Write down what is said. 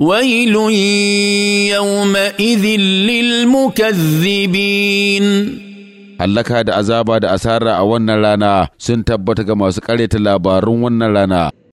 ويل يومئذ للمكذبين هلكها دا أزابا دا أسارة أولنا لنا سنتبتك ما سكالي تلابا رونا لنا